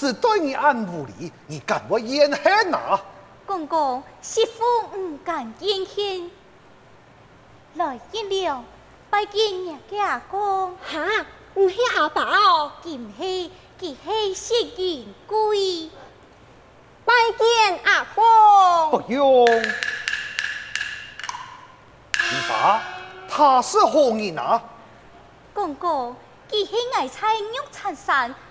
是對你暗無理，你敢我怨恨哪？公公，媳婦不敢怨恨。來，應龍，拜見阿公。哈，唔係阿爸哦。唔係，佢係謝賢貴。拜見阿公。不用。你爸是你，他是何人啊？公公，佢係愛菜肉產山。